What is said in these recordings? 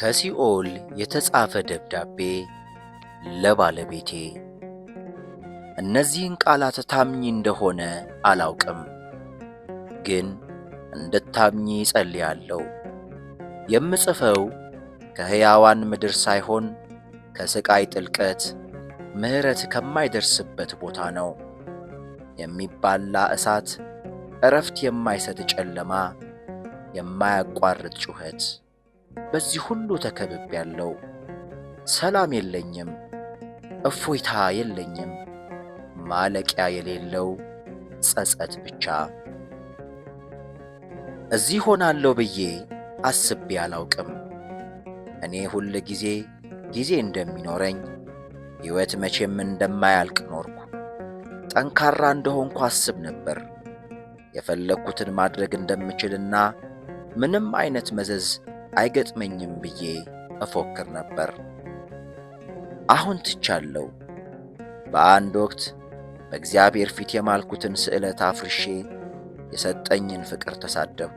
ከሲኦል የተጻፈ ደብዳቤ ለባለቤቴ። እነዚህን ቃላት ታምኚ እንደሆነ አላውቅም፣ ግን እንድታምኚ ጸልያለሁ። የምጽፈው ከሕያዋን ምድር ሳይሆን ከሥቃይ ጥልቀት ምሕረት ከማይደርስበት ቦታ ነው። የሚባላ እሳት፣ ዕረፍት የማይሰጥ ጨለማ፣ የማያቋርጥ ጩኸት በዚህ ሁሉ ተከብብ ያለው ሰላም የለኝም፣ እፎይታ የለኝም፣ ማለቂያ የሌለው ጸጸት ብቻ። እዚህ ሆናለሁ ብዬ አስቤ አላውቅም። እኔ ሁል ጊዜ ጊዜ እንደሚኖረኝ ሕይወት መቼም እንደማያልቅ ኖርኩ። ጠንካራ እንደሆንኩ አስብ ነበር። የፈለግኩትን ማድረግ እንደምችልና ምንም አይነት መዘዝ አይገጥመኝም ብዬ እፎክር ነበር። አሁን ትቻለሁ። በአንድ ወቅት በእግዚአብሔር ፊት የማልኩትን ስዕለት አፍርሼ የሰጠኝን ፍቅር ተሳደብኩ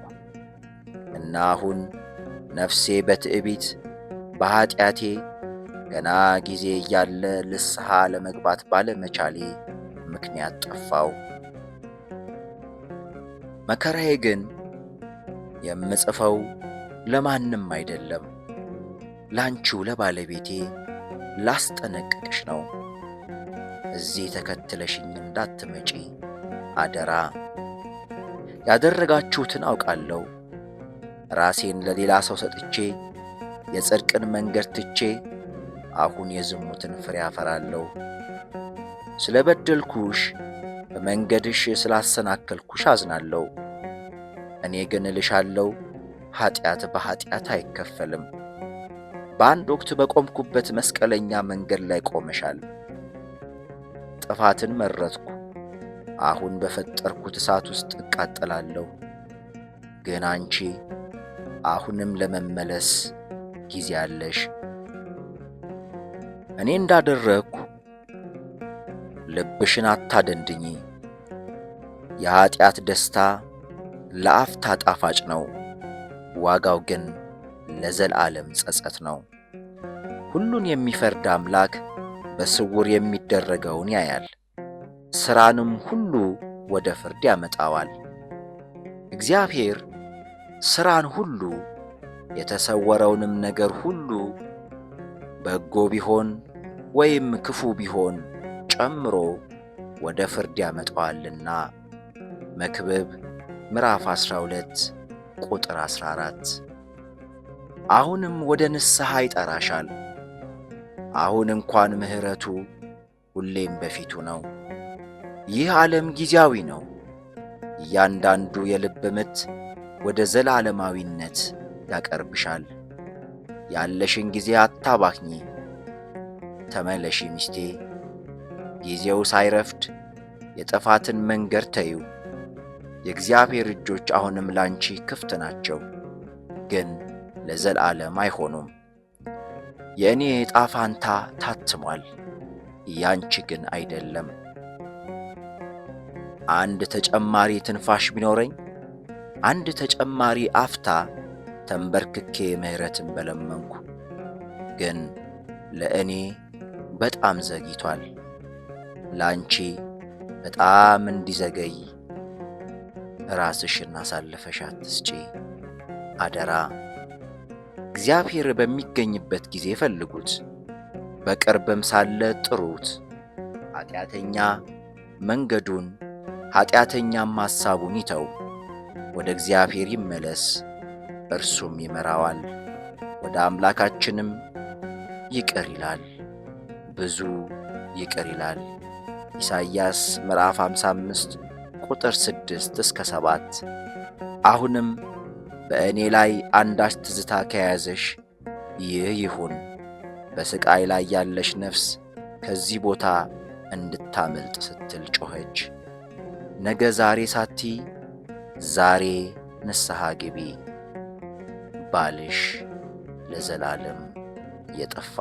እና አሁን ነፍሴ በትዕቢት በኀጢአቴ ገና ጊዜ እያለ ልስሐ ለመግባት ባለመቻሌ ምክንያት ጠፋው። መከራዬ ግን የምጽፈው ለማንም አይደለም፣ ላንቺው ለባለቤቴ ላስጠነቅቅሽ ነው። እዚህ ተከትለሽኝ እንዳትመጪ አደራ። ያደረጋችሁትን አውቃለሁ። ራሴን ለሌላ ሰው ሰጥቼ የጽድቅን መንገድ ትቼ አሁን የዝሙትን ፍሬ አፈራለሁ። ስለ በደልኩሽ፣ በመንገድሽ ስላሰናከልኩሽ አዝናለሁ። እኔ ግን እልሻለሁ ኃጢአት በኃጢአት አይከፈልም። በአንድ ወቅት በቆምኩበት መስቀለኛ መንገድ ላይ ቆመሻል። ጥፋትን መረጥኩ። አሁን በፈጠርኩት እሳት ውስጥ እቃጠላለሁ። ግን አንቺ አሁንም ለመመለስ ጊዜ አለሽ። እኔ እንዳደረግኩ ልብሽን አታደንድኚ። የኀጢአት ደስታ ለአፍታ ጣፋጭ ነው። ዋጋው ግን ለዘላለም ጸጸት ነው። ሁሉን የሚፈርድ አምላክ በስውር የሚደረገውን ያያል፣ ሥራንም ሁሉ ወደ ፍርድ ያመጣዋል። እግዚአብሔር ሥራን ሁሉ የተሰወረውንም ነገር ሁሉ በጎ ቢሆን ወይም ክፉ ቢሆን ጨምሮ ወደ ፍርድ ያመጣዋልና። መክብብ ምዕራፍ 12 ቁጥር 14 አሁንም ወደ ንስሐ ይጠራሻል። አሁን እንኳን ምሕረቱ ሁሌም በፊቱ ነው። ይህ ዓለም ጊዜያዊ ነው። እያንዳንዱ የልብ ምት ወደ ዘላለማዊነት ያቀርብሻል። ያለሽን ጊዜ አታባክኚ። ተመለሺ ሚስቴ፣ ጊዜው ሳይረፍድ የጥፋትን መንገድ ተዩ። የእግዚአብሔር እጆች አሁንም ላንቺ ክፍት ናቸው፣ ግን ለዘላለም አይሆኑም። የእኔ ዕጣ ፋንታ ታትሟል፣ ያንቺ ግን አይደለም። አንድ ተጨማሪ ትንፋሽ ቢኖረኝ፣ አንድ ተጨማሪ አፍታ ተንበርክኬ ምሕረትን በለመንኩ፣ ግን ለእኔ በጣም ዘግይቷል፣ ላንቺ በጣም እንዲዘገይ ራስሽን አሳልፈሽ አትስጪ። አደራ እግዚአብሔር በሚገኝበት ጊዜ ፈልጉት፣ በቅርብም ሳለ ጥሩት። ኃጢአተኛ መንገዱን ኃጢአተኛም ሐሳቡን ይተው፣ ወደ እግዚአብሔር ይመለስ፣ እርሱም ይመራዋል፣ ወደ አምላካችንም ይቅር ይላል፣ ብዙ ይቅር ይላል። ኢሳይያስ ምዕራፍ 55 ከቁጥር ስድስት እስከ ሰባት አሁንም በእኔ ላይ አንዳች ትዝታ ከያዘሽ ይህ ይሁን፣ በሥቃይ ላይ ያለሽ ነፍስ ከዚህ ቦታ እንድታመልጥ ስትል ጮኸች። ነገ ዛሬ ሳቲ ዛሬ ንስሐ ግቢ። ባልሽ ለዘላለም የጠፋ